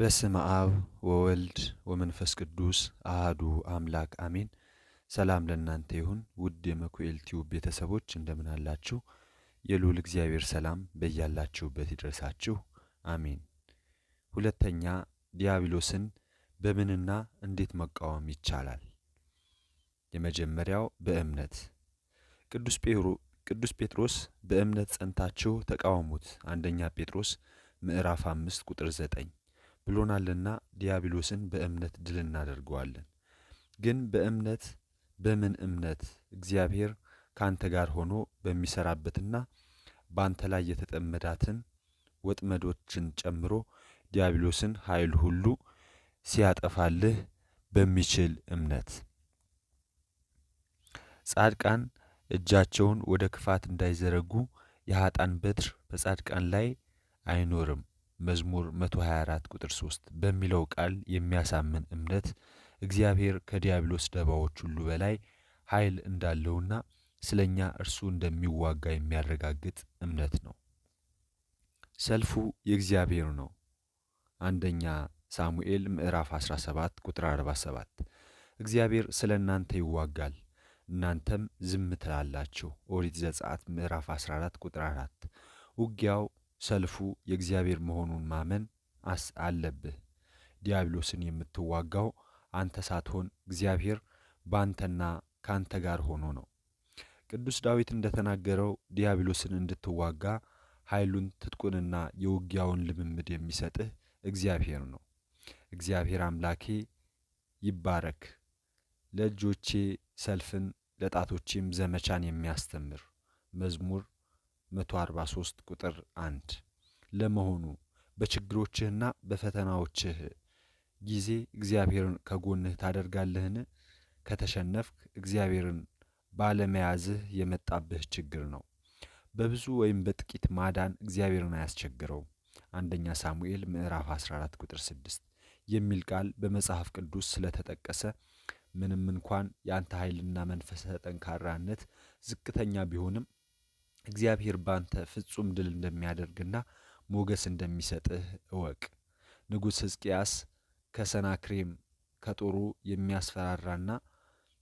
በስም አብ ወወልድ ወመንፈስ ቅዱስ አህዱ አምላክ አሜን። ሰላም ለእናንተ ይሁን ውድ የመኩኤል ቲዩብ ቤተሰቦች እንደምን አላችሁ? የልዑል እግዚአብሔር ሰላም በያላችሁበት ይድረሳችሁ፣ አሜን። ሁለተኛ ዲያብሎስን በምንና እንዴት መቃወም ይቻላል? የመጀመሪያው በእምነት ቅዱስ ጴሮ ቅዱስ ጴጥሮስ በእምነት ጸንታችሁ ተቃወሙት፣ አንደኛ ጴጥሮስ ምዕራፍ አምስት ቁጥር ዘጠኝ ብሎናልና ዲያብሎስን በእምነት ድል እናደርገዋለን። ግን በእምነት በምን እምነት እግዚአብሔር ከአንተ ጋር ሆኖ በሚሰራበትና በአንተ ላይ የተጠመዳትን ወጥመዶችን ጨምሮ ዲያብሎስን ኃይል ሁሉ ሲያጠፋልህ በሚችል እምነት ጻድቃን እጃቸውን ወደ ክፋት እንዳይዘረጉ የሀጣን በትር በጻድቃን ላይ አይኖርም። መዝሙር 124 ቁጥር 3 በሚለው ቃል የሚያሳምን እምነት እግዚአብሔር ከዲያብሎስ ደባዎች ሁሉ በላይ ኃይል እንዳለውና ስለኛ እርሱ እንደሚዋጋ የሚያረጋግጥ እምነት ነው። ሰልፉ የእግዚአብሔር ነው። አንደኛ ሳሙኤል ምዕራፍ 17 ቁጥር 47 እግዚአብሔር ስለ እናንተ ይዋጋል እናንተም ዝም ትላላችሁ። ኦሪት ዘጸአት ምዕራፍ 14 ቁጥር 4 ውጊያው ሰልፉ የእግዚአብሔር መሆኑን ማመን አለብህ። ዲያብሎስን የምትዋጋው አንተ ሳትሆን እግዚአብሔር በአንተና ከአንተ ጋር ሆኖ ነው። ቅዱስ ዳዊት እንደተናገረው ዲያብሎስን እንድትዋጋ ኃይሉን ትጥቁንና የውጊያውን ልምምድ የሚሰጥህ እግዚአብሔር ነው። እግዚአብሔር አምላኬ ይባረክ፣ ለእጆቼ ሰልፍን ለጣቶቼም ዘመቻን የሚያስተምር መዝሙር 143 ቁጥር 1 ለመሆኑ በችግሮችህና በፈተናዎችህ ጊዜ እግዚአብሔርን ከጎንህ ታደርጋለህን? ከተሸነፍክ እግዚአብሔርን ባለመያዝህ የመጣብህ ችግር ነው። በብዙ ወይም በጥቂት ማዳን እግዚአብሔርን አያስቸግረውም። አንደኛ ሳሙኤል ምዕራፍ 14 ቁጥር 6 የሚል ቃል በመጽሐፍ ቅዱስ ስለተጠቀሰ ምንም እንኳን የአንተ ኃይልና መንፈሰ ጠንካራነት ዝቅተኛ ቢሆንም እግዚአብሔር ባንተ ፍጹም ድል እንደሚያደርግና ሞገስ እንደሚሰጥህ እወቅ። ንጉሥ ሕዝቅያስ ከሰናክሬም ከጦሩ የሚያስፈራራና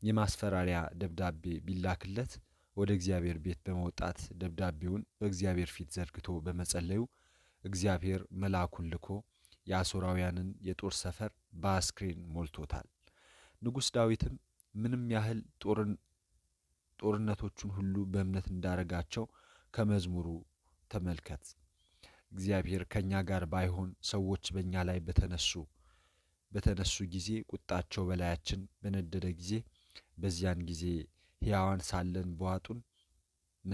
የማስፈራሪያ ደብዳቤ ቢላክለት ወደ እግዚአብሔር ቤት በመውጣት ደብዳቤውን በእግዚአብሔር ፊት ዘርግቶ በመጸለዩ እግዚአብሔር መልአኩን ልኮ የአሦራውያንን የጦር ሰፈር በአስክሬን ሞልቶታል። ንጉሥ ዳዊትም ምንም ያህል ጦርን ጦርነቶቹን ሁሉ በእምነት እንዳረጋቸው ከመዝሙሩ ተመልከት። እግዚአብሔር ከእኛ ጋር ባይሆን ሰዎች በእኛ ላይ በተነሱ በተነሱ ጊዜ ቁጣቸው በላያችን በነደደ ጊዜ በዚያን ጊዜ ሕያዋን ሳለን በዋጡን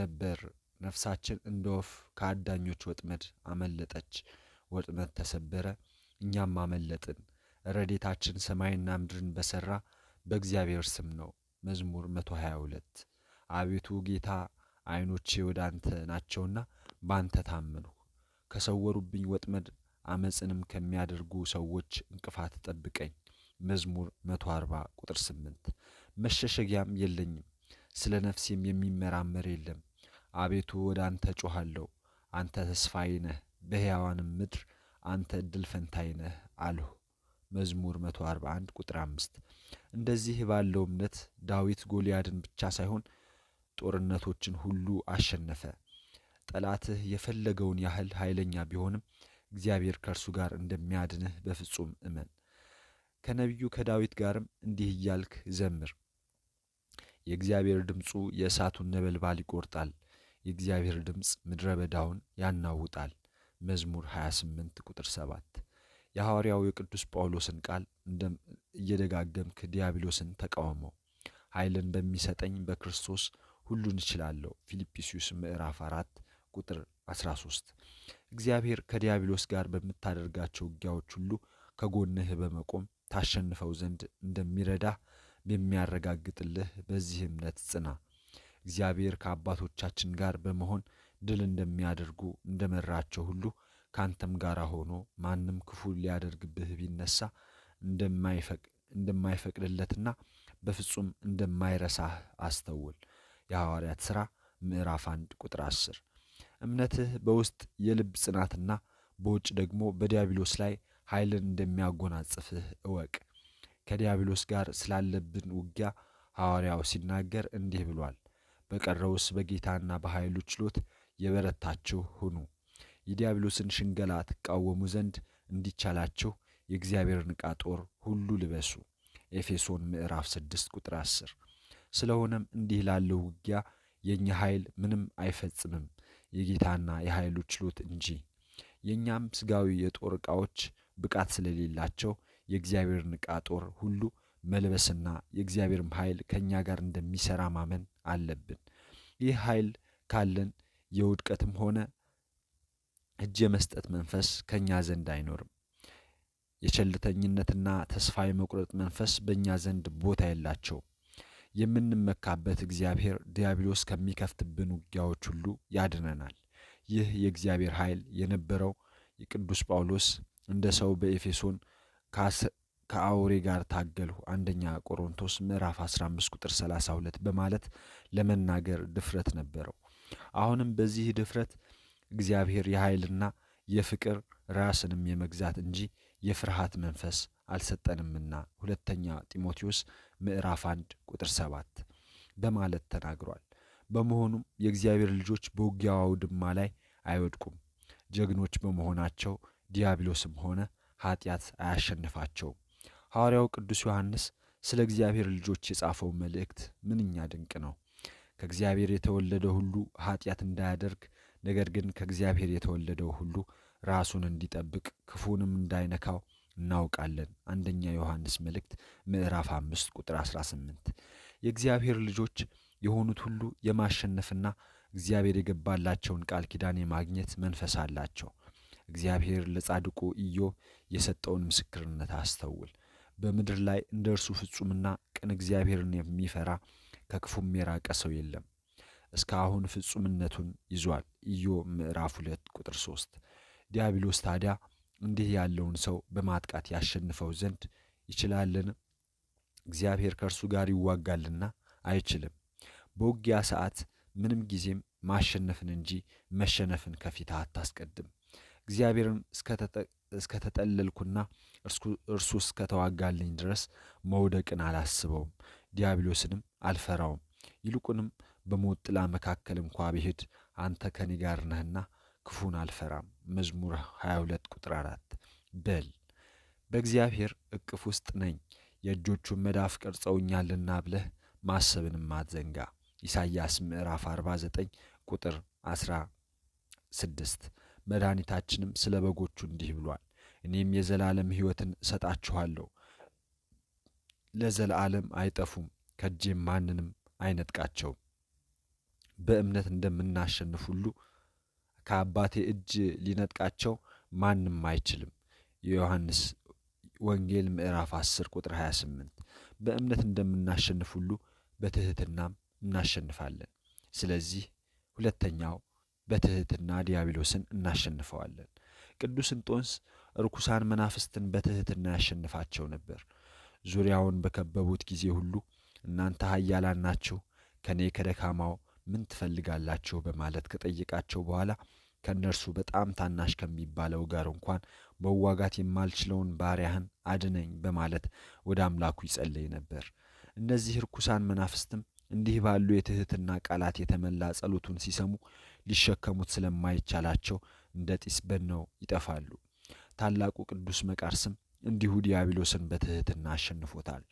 ነበር። ነፍሳችን እንደ ወፍ ከአዳኞች ወጥመድ አመለጠች። ወጥመድ ተሰበረ፣ እኛም አመለጥን። ረዴታችን ሰማይና ምድርን በሠራ በእግዚአብሔር ስም ነው። መዝሙር 122 አቤቱ ጌታ ዓይኖቼ ወደ አንተ ናቸውና በአንተ ታመንሁ። ከሰወሩብኝ ወጥመድ አመፅንም ከሚያደርጉ ሰዎች እንቅፋት ጠብቀኝ። መዝሙር 140 ቁጥር 8 መሸሸጊያም የለኝም፣ ስለ ነፍሴም የሚመራመር የለም። አቤቱ ወደ አንተ ጮኋለሁ፣ አንተ ተስፋዬ ነህ፣ በሕያዋንም ምድር አንተ እድል ፈንታዬ ነህ አልሁ። መዝሙር 141 ቁጥር 5 እንደዚህ ባለው እምነት ዳዊት ጎልያድን ብቻ ሳይሆን ጦርነቶችን ሁሉ አሸነፈ። ጠላትህ የፈለገውን ያህል ኃይለኛ ቢሆንም እግዚአብሔር ከእርሱ ጋር እንደሚያድንህ በፍጹም እመን። ከነቢዩ ከዳዊት ጋርም እንዲህ እያልክ ዘምር። የእግዚአብሔር ድምፁ የእሳቱን ነበልባል ይቆርጣል። የእግዚአብሔር ድምፅ ምድረ በዳውን ያናውጣል። መዝሙር 28 ቁጥር 7 የሐዋርያው የቅዱስ ጳውሎስን ቃል እየደጋገምክ ዲያብሎስን ተቃውመው ኃይልን በሚሰጠኝ በክርስቶስ ሁሉን እችላለሁ። ፊልጵስዩስ ምዕራፍ 4 ቁጥር 13። እግዚአብሔር ከዲያብሎስ ጋር በምታደርጋቸው ውጊያዎች ሁሉ ከጎንህ በመቆም ታሸንፈው ዘንድ እንደሚረዳ የሚያረጋግጥልህ በዚህ እምነት ጽና። እግዚአብሔር ከአባቶቻችን ጋር በመሆን ድል እንደሚያደርጉ እንደመራቸው ሁሉ ካንተም ጋር ሆኖ ማንም ክፉ ሊያደርግብህ ቢነሳ እንደማይፈቅድለትና በፍጹም እንደማይረሳህ አስተውል። የሐዋርያት ሥራ ምዕራፍ 1 ቁጥር 10። እምነትህ በውስጥ የልብ ጽናትና በውጭ ደግሞ በዲያብሎስ ላይ ኃይልን እንደሚያጎናጽፍህ እወቅ። ከዲያብሎስ ጋር ስላለብን ውጊያ ሐዋርያው ሲናገር እንዲህ ብሏል፣ በቀረውስ በጌታና በኃይሉ ችሎት የበረታችሁ ሁኑ። የዲያብሎስን ሽንገላ ትቃወሙ ዘንድ እንዲቻላችሁ የእግዚአብሔርን ዕቃ ጦር ሁሉ ልበሱ። ኤፌሶን ምዕራፍ 6 ቁጥር 10 ስለሆነም እንዲህ ላለው ውጊያ የእኛ ኃይል ምንም አይፈጽምም የጌታና የኃይሉ ችሎት እንጂ። የእኛም ስጋዊ የጦር ዕቃዎች ብቃት ስለሌላቸው የእግዚአብሔርን ዕቃ ጦር ሁሉ መልበስና የእግዚአብሔርም ኃይል ከእኛ ጋር እንደሚሠራ ማመን አለብን። ይህ ኃይል ካለን የውድቀትም ሆነ እጅ የመስጠት መንፈስ ከእኛ ዘንድ አይኖርም። የቸልተኝነትና ተስፋ የመቁረጥ መንፈስ በእኛ ዘንድ ቦታ የላቸውም። የምንመካበት እግዚአብሔር ዲያብሎስ ከሚከፍትብን ውጊያዎች ሁሉ ያድነናል። ይህ የእግዚአብሔር ኃይል የነበረው የቅዱስ ጳውሎስ እንደ ሰው በኤፌሶን ከአውሬ ጋር ታገልሁ አንደኛ ቆሮንቶስ ምዕራፍ 15 ቁጥር 32 በማለት ለመናገር ድፍረት ነበረው። አሁንም በዚህ ድፍረት እግዚአብሔር የኃይልና የፍቅር ራስንም የመግዛት እንጂ የፍርሃት መንፈስ አልሰጠንምና ሁለተኛ ጢሞቴዎስ ምዕራፍ አንድ ቁጥር ሰባት በማለት ተናግሯል። በመሆኑም የእግዚአብሔር ልጆች በውጊያው አውድማ ላይ አይወድቁም። ጀግኖች በመሆናቸው ዲያብሎስም ሆነ ኃጢአት አያሸንፋቸውም። ሐዋርያው ቅዱስ ዮሐንስ ስለ እግዚአብሔር ልጆች የጻፈው መልእክት ምንኛ ድንቅ ነው! ከእግዚአብሔር የተወለደ ሁሉ ኃጢአት እንዳያደርግ ነገር ግን ከእግዚአብሔር የተወለደው ሁሉ ራሱን እንዲጠብቅ ክፉንም እንዳይነካው እናውቃለን። አንደኛ ዮሐንስ መልእክት ምዕራፍ 5 ቁጥር 18። የእግዚአብሔር ልጆች የሆኑት ሁሉ የማሸነፍና እግዚአብሔር የገባላቸውን ቃል ኪዳን የማግኘት መንፈስ አላቸው። እግዚአብሔር ለጻድቁ እዮ የሰጠውን ምስክርነት አስተውል። በምድር ላይ እንደ እርሱ ፍጹምና ቅን እግዚአብሔርን የሚፈራ ከክፉም የራቀ ሰው የለም። እስካሁን ፍጹምነቱን ይዟል። እዮ ምዕራፍ ሁለት ቁጥር ሶስት ዲያብሎስ ታዲያ እንዲህ ያለውን ሰው በማጥቃት ያሸንፈው ዘንድ ይችላልን? እግዚአብሔር ከእርሱ ጋር ይዋጋልና አይችልም። በውጊያ ሰዓት ምንም ጊዜም ማሸነፍን እንጂ መሸነፍን ከፊት አታስቀድም። እግዚአብሔርን እስከተጠለልኩና እርሱ እስከተዋጋልኝ ድረስ መውደቅን አላስበውም፣ ዲያብሎስንም አልፈራውም። ይልቁንም በሞት ጥላ መካከል እንኳ ብሄድ አንተ ከኔ ጋር ነህና ክፉን አልፈራም። መዝሙር 22 ቁጥር 4 በል በእግዚአብሔር እቅፍ ውስጥ ነኝ የእጆቹን መዳፍ ቀርጸውኛልና ብለህ ማሰብንም አትዘንጋ። ኢሳይያስ ምዕራፍ 49 ቁጥር 16 መድኃኒታችንም ስለ በጎቹ እንዲህ ብሏል፣ እኔም የዘላለም ሕይወትን እሰጣችኋለሁ ለዘላለም አይጠፉም፣ ከእጄም ማንንም አይነጥቃቸውም። በእምነት እንደምናሸንፍ ሁሉ ከአባቴ እጅ ሊነጥቃቸው ማንም አይችልም። የዮሐንስ ወንጌል ምዕራፍ 10 ቁጥር 28። በእምነት እንደምናሸንፍ ሁሉ በትህትናም እናሸንፋለን። ስለዚህ ሁለተኛው በትህትና ዲያብሎስን እናሸንፈዋለን። ቅዱስ እንጦንስ ርኩሳን መናፍስትን በትህትና ያሸንፋቸው ነበር። ዙሪያውን በከበቡት ጊዜ ሁሉ እናንተ ኃያላን ናችሁ፣ ከእኔ ከደካማው ምን ትፈልጋላችሁ? በማለት ከጠየቃቸው በኋላ ከእነርሱ በጣም ታናሽ ከሚባለው ጋር እንኳን መዋጋት የማልችለውን ባሪያህን አድነኝ በማለት ወደ አምላኩ ይጸለይ ነበር። እነዚህ ርኩሳን መናፍስትም እንዲህ ባሉ የትህትና ቃላት የተመላ ጸሎቱን ሲሰሙ ሊሸከሙት ስለማይቻላቸው እንደ ጢስ በነው ይጠፋሉ። ታላቁ ቅዱስ መቃርስም እንዲሁ ዲያብሎስን በትህትና አሸንፎታል።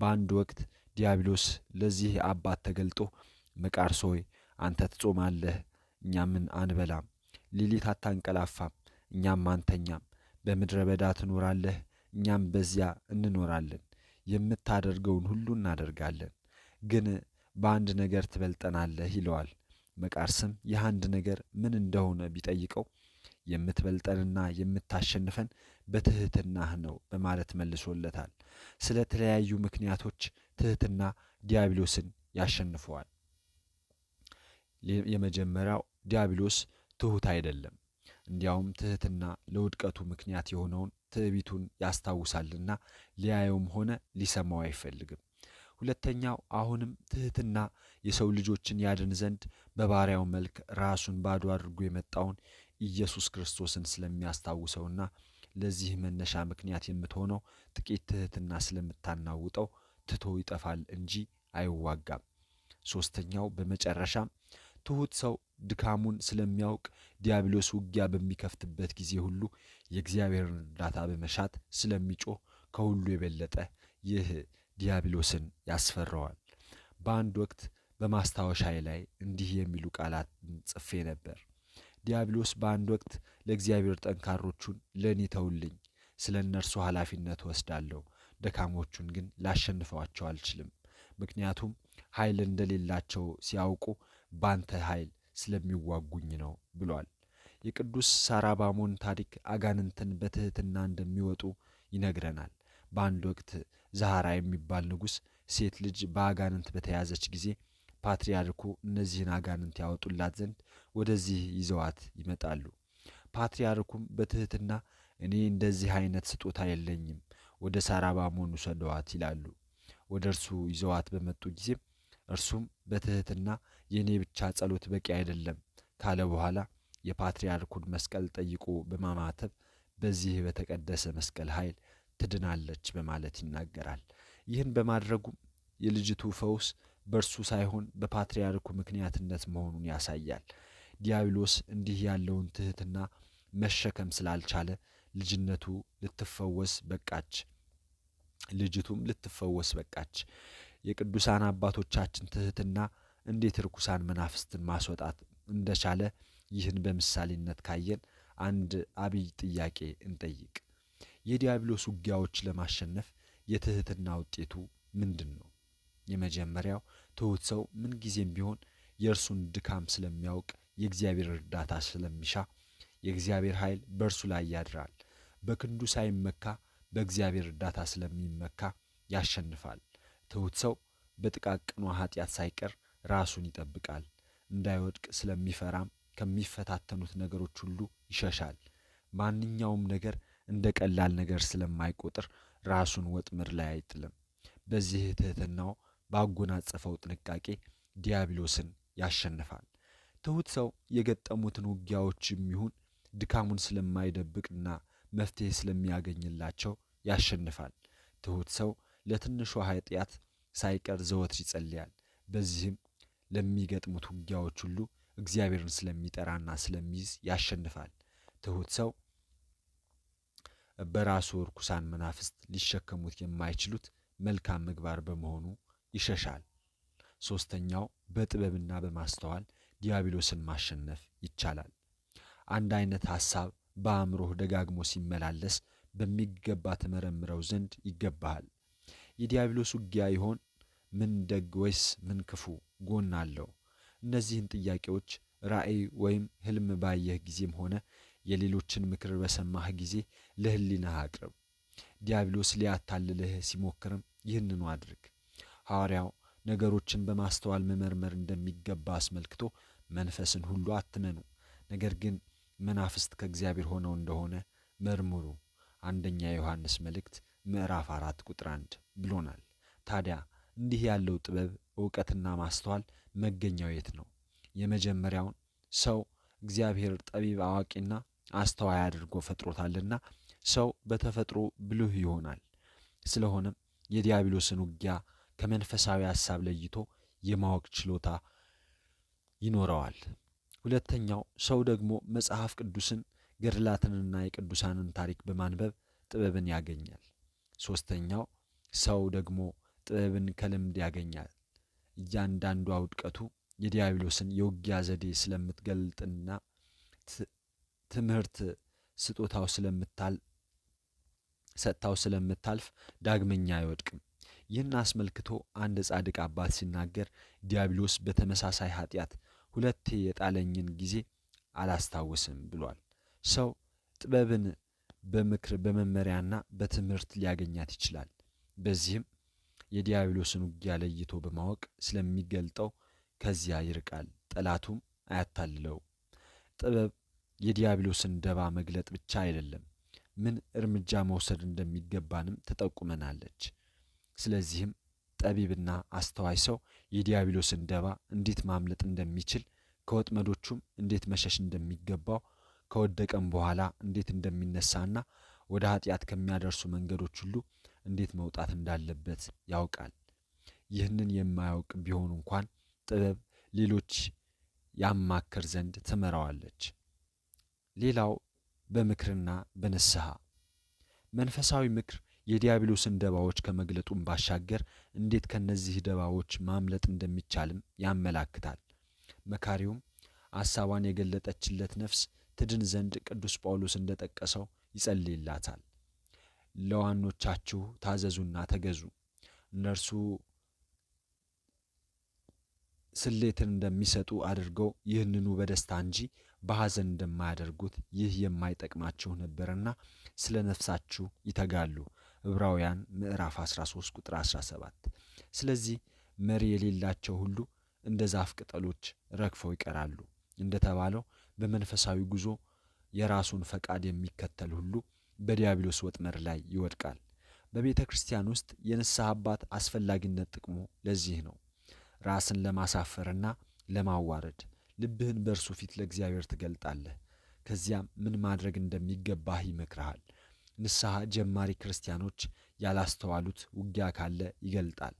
በአንድ ወቅት ዲያብሎስ ለዚህ አባት ተገልጦ መቃርስ ሆይ አንተ ትጾማለህ፣ እኛ ምን አንበላም ሌሊት አታንቀላፋም፣ እኛም አንተኛም። በምድረ በዳ ትኖራለህ፣ እኛም በዚያ እንኖራለን። የምታደርገውን ሁሉ እናደርጋለን። ግን በአንድ ነገር ትበልጠናለህ ይለዋል። መቃርስም ይህ አንድ ነገር ምን እንደሆነ ቢጠይቀው የምትበልጠንና የምታሸንፈን በትህትናህ ነው በማለት መልሶለታል። ስለ ተለያዩ ምክንያቶች ትህትና ዲያብሎስን ያሸንፈዋል። የመጀመሪያው ዲያብሎስ ትሑት አይደለም። እንዲያውም ትሕትና ለውድቀቱ ምክንያት የሆነውን ትዕቢቱን ያስታውሳልና ሊያየውም ሆነ ሊሰማው አይፈልግም። ሁለተኛው አሁንም ትሕትና የሰው ልጆችን ያድን ዘንድ በባሪያው መልክ ራሱን ባዶ አድርጎ የመጣውን ኢየሱስ ክርስቶስን ስለሚያስታውሰውና ለዚህ መነሻ ምክንያት የምትሆነው ጥቂት ትሕትና ስለምታናውጠው ትቶ ይጠፋል እንጂ አይዋጋም። ሶስተኛው በመጨረሻም ትሑት ሰው ድካሙን ስለሚያውቅ ዲያብሎስ ውጊያ በሚከፍትበት ጊዜ ሁሉ የእግዚአብሔርን እርዳታ በመሻት ስለሚጮህ ከሁሉ የበለጠ ይህ ዲያብሎስን ያስፈራዋል። በአንድ ወቅት በማስታወሻዬ ላይ እንዲህ የሚሉ ቃላት ጽፌ ነበር። ዲያብሎስ በአንድ ወቅት ለእግዚአብሔር ጠንካሮቹን ለእኔ ተውልኝ፣ ስለ እነርሱ ኃላፊነት ወስዳለሁ፣ ደካሞቹን ግን ላሸንፈዋቸው አልችልም። ምክንያቱም ኃይል እንደሌላቸው ሲያውቁ ባንተ ኃይል ስለሚዋጉኝ ነው ብሏል። የቅዱስ ሳራባሞን ታሪክ አጋንንትን በትህትና እንደሚወጡ ይነግረናል። በአንድ ወቅት ዛሃራ የሚባል ንጉሥ ሴት ልጅ በአጋንንት በተያዘች ጊዜ ፓትርያርኩ እነዚህን አጋንንት ያወጡላት ዘንድ ወደዚህ ይዘዋት ይመጣሉ። ፓትርያርኩም በትህትና እኔ እንደዚህ አይነት ስጦታ የለኝም፣ ወደ ሳራባሞን ውሰደዋት ይላሉ። ወደ እርሱ ይዘዋት በመጡ ጊዜም እርሱም በትህትና የእኔ ብቻ ጸሎት በቂ አይደለም ካለ በኋላ የፓትርያርኩን መስቀል ጠይቆ በማማተብ በዚህ በተቀደሰ መስቀል ኃይል ትድናለች በማለት ይናገራል። ይህን በማድረጉም የልጅቱ ፈውስ በእርሱ ሳይሆን በፓትርያርኩ ምክንያትነት መሆኑን ያሳያል። ዲያብሎስ እንዲህ ያለውን ትህትና መሸከም ስላልቻለ ልጅነቱ ልትፈወስ በቃች፣ ልጅቱም ልትፈወስ በቃች። የቅዱሳን አባቶቻችን ትህትና እንዴት ርኩሳን መናፍስትን ማስወጣት እንደቻለ ይህን በምሳሌነት ካየን አንድ አብይ ጥያቄ እንጠይቅ። የዲያብሎስ ውጊያዎች ለማሸነፍ የትህትና ውጤቱ ምንድን ነው? የመጀመሪያው ትሑት ሰው ምንጊዜም ቢሆን የእርሱን ድካም ስለሚያውቅ የእግዚአብሔር እርዳታ ስለሚሻ የእግዚአብሔር ኃይል በእርሱ ላይ ያድራል። በክንዱ ሳይመካ በእግዚአብሔር እርዳታ ስለሚመካ ያሸንፋል። ትሑት ሰው በጥቃቅኗ ኃጢአት ሳይቀር ራሱን ይጠብቃል። እንዳይወድቅ ስለሚፈራም ከሚፈታተኑት ነገሮች ሁሉ ይሸሻል። ማንኛውም ነገር እንደ ቀላል ነገር ስለማይቆጥር ራሱን ወጥመድ ላይ አይጥልም። በዚህ ትህትናው ባጎናጸፈው ጥንቃቄ ዲያብሎስን ያሸንፋል። ትሑት ሰው የገጠሙትን ውጊያዎች የሚሆን ድካሙን ስለማይደብቅና መፍትሄ ስለሚያገኝላቸው ያሸንፋል። ትሑት ሰው ለትንሹ ኃጢአት ሳይቀር ዘወትር ይጸልያል። በዚህም ለሚገጥሙት ውጊያዎች ሁሉ እግዚአብሔርን ስለሚጠራና ስለሚይዝ ያሸንፋል። ትሁት ሰው በራሱ እርኩሳን መናፍስት ሊሸከሙት የማይችሉት መልካም ምግባር በመሆኑ ይሸሻል። ሶስተኛው በጥበብና በማስተዋል ዲያብሎስን ማሸነፍ ይቻላል። አንድ አይነት ሐሳብ በአእምሮህ ደጋግሞ ሲመላለስ በሚገባ ተመረምረው ዘንድ ይገባሃል። የዲያብሎስ ውጊያ ይሆን ምን ደግ ወይስ ምን ክፉ? ጎን አለው? እነዚህን ጥያቄዎች ራእይ ወይም ህልም ባየህ ጊዜም ሆነ የሌሎችን ምክር በሰማህ ጊዜ ለህሊናህ አቅርብ። ዲያብሎስ ሊያታልልህ ሲሞክርም ይህንኑ አድርግ። ሐዋርያው ነገሮችን በማስተዋል መመርመር እንደሚገባ አስመልክቶ መንፈስን ሁሉ አትመኑ፣ ነገር ግን መናፍስት ከእግዚአብሔር ሆነው እንደሆነ መርምሩ፣ አንደኛ ዮሐንስ መልእክት ምዕራፍ አራት ቁጥር አንድ ብሎናል። ታዲያ እንዲህ ያለው ጥበብ እውቀትና ማስተዋል መገኛው የት ነው? የመጀመሪያውን ሰው እግዚአብሔር ጠቢብ አዋቂና አስተዋይ አድርጎ ፈጥሮታልና ሰው በተፈጥሮ ብልህ ይሆናል። ስለሆነም የዲያብሎስን ውጊያ ከመንፈሳዊ ሐሳብ ለይቶ የማወቅ ችሎታ ይኖረዋል። ሁለተኛው ሰው ደግሞ መጽሐፍ ቅዱስን ገድላትንና የቅዱሳንን ታሪክ በማንበብ ጥበብን ያገኛል። ሦስተኛው ሰው ደግሞ ጥበብን ከልምድ ያገኛል። እያንዳንዷ ውድቀቱ የዲያብሎስን የውጊያ ዘዴ ስለምትገልጥና ትምህርት ስጦታው ስለምታል ሰጥታው ስለምታልፍ ዳግመኛ አይወድቅም። ይህን አስመልክቶ አንድ ጻድቅ አባት ሲናገር ዲያብሎስ በተመሳሳይ ኃጢአት ሁለቴ የጣለኝን ጊዜ አላስታውስም ብሏል። ሰው ጥበብን በምክር በመመሪያና በትምህርት ሊያገኛት ይችላል። በዚህም የዲያብሎስን ውጊያ ለይቶ በማወቅ ስለሚገልጠው ከዚያ ይርቃል፣ ጠላቱም አያታልለው። ጥበብ የዲያብሎስን ደባ መግለጥ ብቻ አይደለም፣ ምን እርምጃ መውሰድ እንደሚገባንም ተጠቁመናለች። ስለዚህም ጠቢብና አስተዋይ ሰው የዲያብሎስን ደባ እንዴት ማምለጥ እንደሚችል ከወጥመዶቹም እንዴት መሸሽ እንደሚገባው ከወደቀም በኋላ እንዴት እንደሚነሳና ወደ ኃጢአት ከሚያደርሱ መንገዶች ሁሉ እንዴት መውጣት እንዳለበት ያውቃል። ይህንን የማያውቅ ቢሆን እንኳን ጥበብ ሌሎች ያማክር ዘንድ ትመራዋለች። ሌላው በምክርና በንስሐ መንፈሳዊ ምክር የዲያብሎስን ደባዎች ከመግለጡን ባሻገር እንዴት ከነዚህ ደባዎች ማምለጥ እንደሚቻልም ያመላክታል። መካሪውም ሐሳቧን የገለጠችለት ነፍስ ትድን ዘንድ ቅዱስ ጳውሎስ እንደጠቀሰው ይጸልይላታል። ለዋኖቻችሁ ታዘዙና ተገዙ። እነርሱ ስሌትን እንደሚሰጡ አድርገው ይህንኑ በደስታ እንጂ በሐዘን እንደማያደርጉት ይህ የማይጠቅማችሁ ነበርና ስለ ነፍሳችሁ ይተጋሉ። ዕብራውያን ምዕራፍ 13 ቁጥር 17። ስለዚህ መሪ የሌላቸው ሁሉ እንደ ዛፍ ቅጠሎች ረግፈው ይቀራሉ እንደተባለው በመንፈሳዊ ጉዞ የራሱን ፈቃድ የሚከተል ሁሉ በዲያብሎስ ወጥመር ላይ ይወድቃል። በቤተ ክርስቲያን ውስጥ የንስሐ አባት አስፈላጊነት ጥቅሙ ለዚህ ነው። ራስን ለማሳፈርና ለማዋረድ ልብህን በእርሱ ፊት ለእግዚአብሔር ትገልጣለህ። ከዚያም ምን ማድረግ እንደሚገባህ ይመክርሃል። ንስሐ ጀማሪ ክርስቲያኖች ያላስተዋሉት ውጊያ ካለ ይገልጣል።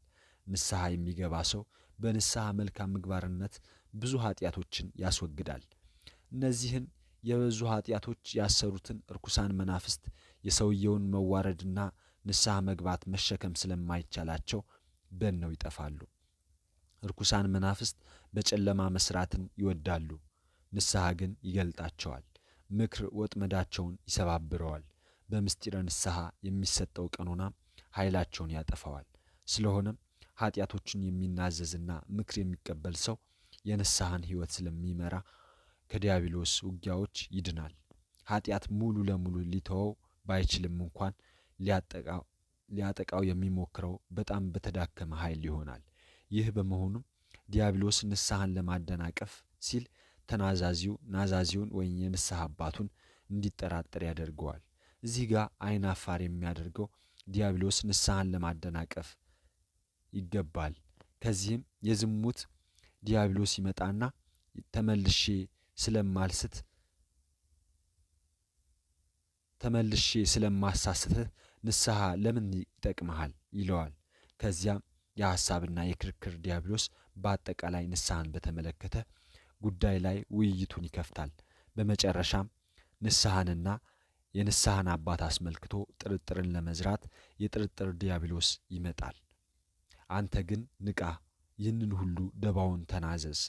ንስሐ የሚገባ ሰው በንስሐ መልካም ምግባርነት ብዙ ኃጢአቶችን ያስወግዳል። እነዚህን የበዙ ኃጢአቶች ያሰሩትን እርኩሳን መናፍስት የሰውየውን መዋረድና ንስሐ መግባት መሸከም ስለማይቻላቸው በነው ይጠፋሉ። እርኩሳን መናፍስት በጨለማ መስራትን ይወዳሉ፣ ንስሐ ግን ይገልጣቸዋል። ምክር ወጥመዳቸውን ይሰባብረዋል። በምስጢረ ንስሐ የሚሰጠው ቀኖና ኃይላቸውን ያጠፋዋል። ስለሆነም ኃጢአቶችን የሚናዘዝና ምክር የሚቀበል ሰው የንስሐን ሕይወት ስለሚመራ ከዲያብሎስ ውጊያዎች ይድናል። ኃጢአት ሙሉ ለሙሉ ሊተወው ባይችልም እንኳን ሊያጠቃው የሚሞክረው በጣም በተዳከመ ኃይል ይሆናል። ይህ በመሆኑም ዲያብሎስ ንስሐን ለማደናቀፍ ሲል ተናዛዚው ናዛዚውን ወይም የንስሐ አባቱን እንዲጠራጠር ያደርገዋል። እዚህ ጋር አይን አፋር የሚያደርገው ዲያብሎስ ንስሐን ለማደናቀፍ ይገባል። ከዚህም የዝሙት ዲያብሎስ ይመጣና ተመልሼ ስለማልስት ተመልሼ ስለማሳስትህ ንስሐ ለምን ይጠቅመሃል ይለዋል። ከዚያም የሐሳብና የክርክር ዲያብሎስ በአጠቃላይ ንስሐን በተመለከተ ጉዳይ ላይ ውይይቱን ይከፍታል። በመጨረሻም ንስሐንና የንስሐን አባት አስመልክቶ ጥርጥርን ለመዝራት የጥርጥር ዲያብሎስ ይመጣል። አንተ ግን ንቃ፣ ይህንን ሁሉ ደባውን ተናዘዝ።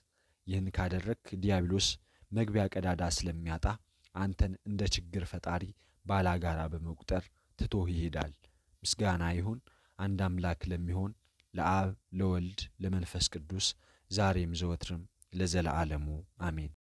ይህን ካደረግክ ዲያብሎስ መግቢያ ቀዳዳ ስለሚያጣ አንተን እንደ ችግር ፈጣሪ ባላጋራ በመቁጠር ትቶህ ይሄዳል። ምስጋና ይሁን አንድ አምላክ ለሚሆን ለአብ ለወልድ ለመንፈስ ቅዱስ ዛሬም ዘወትርም ለዘለዓለሙ አሜን።